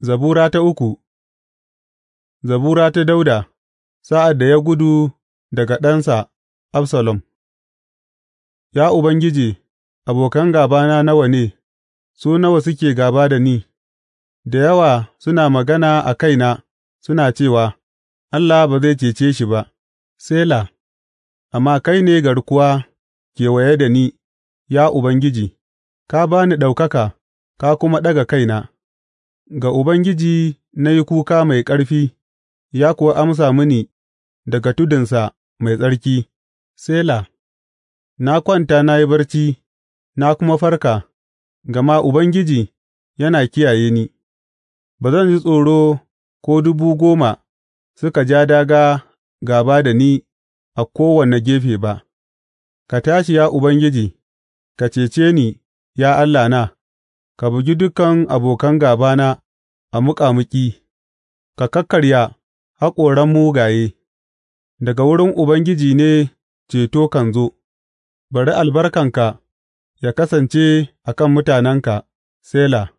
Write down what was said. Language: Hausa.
Zabura ta uku Zabura ta Dauda sa'ad da ya gudu daga ɗansa Absalom Ya Ubangiji, abokan gabana nawa ne, su nawa suke gaba da ni, da yawa suna magana a kaina suna cewa, Allah ba zai cece shi ba, Sela, amma kai ne garkuwa kewaye da ni, ya Ubangiji, ka ba ni ɗaukaka, ka kuma ɗaga kaina. Ga Ubangiji na yi kuka mai ƙarfi, ya kuwa amsa mini daga tudunsa mai tsarki, Sela Na kwanta na yi barci, na kuma farka, gama Ubangiji yana kiyaye ni; ba zan ji tsoro ko dubu goma suka ja daga gaba da ni a kowane gefe ba. Ka tashi, ya Ubangiji; ka cece ni, ya Allahna. Ka bugi dukan abokan gābana a muƙamuƙi; ka kakkarya haƙoran mugaye, daga wurin Ubangiji ne ceto kan zo, bari albarkanka ya kasance a kan mutanenka, Sela